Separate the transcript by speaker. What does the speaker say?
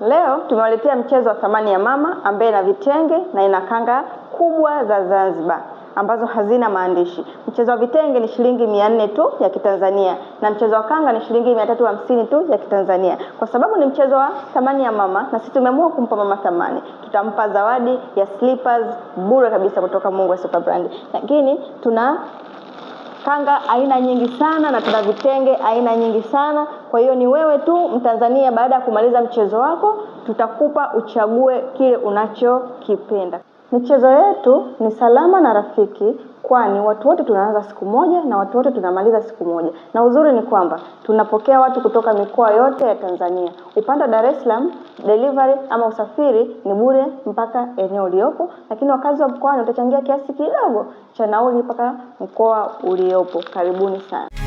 Speaker 1: Leo tumewaletea mchezo wa thamani ya mama ambaye ina vitenge na ina kanga kubwa za Zanzibar ambazo hazina maandishi. Mchezo wa vitenge ni shilingi mia nne tu ya Kitanzania na mchezo wa kanga ni shilingi mia tatu hamsini tu ya Kitanzania. Kwa sababu ni mchezo wa thamani ya mama, na sisi tumeamua kumpa mama thamani, tutampa zawadi ya slippers bure kabisa kutoka Mungwe Super Brand, lakini tuna kanga aina nyingi sana na tuna vitenge aina nyingi sana. Kwa hiyo ni wewe tu Mtanzania, baada ya kumaliza mchezo wako, tutakupa uchague kile unachokipenda. Michezo yetu ni salama na rafiki kwani watu wote tunaanza siku moja na watu wote tunamaliza siku moja, na uzuri ni kwamba tunapokea watu kutoka mikoa yote ya Tanzania. Upande wa Dar es Salaam delivery ama usafiri ni bure mpaka eneo uliopo, lakini wakazi wa mkoani utachangia kiasi kidogo cha nauli mpaka mkoa uliopo. Karibuni sana.